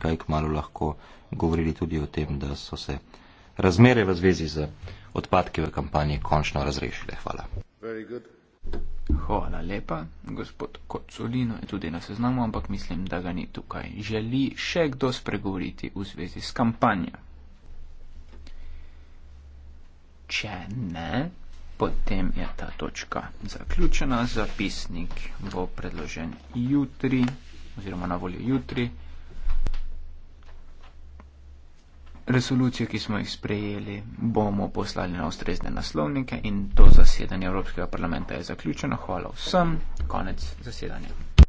kaj k malu lahko govorili tudi o tem, da so se razmere v zvezi z odpadki v kampanji končno razrešile. Hvala. Hvala lepa. Gospod Kocolino je tudi na seznamu, ampak mislim, da ga ni tukaj. Želi še kdo spregovoriti v zvezi s kampanjo? Če ne, potem je ta točka zaključena. Zapisnik bo predložen jutri oziroma na voljo jutri. Resolucijo, ki smo jih sprejeli, bomo poslali na ustrezne naslovnike in to zasedanje Evropskega parlamenta je zaključeno. Hvala vsem. Konec zasedanja.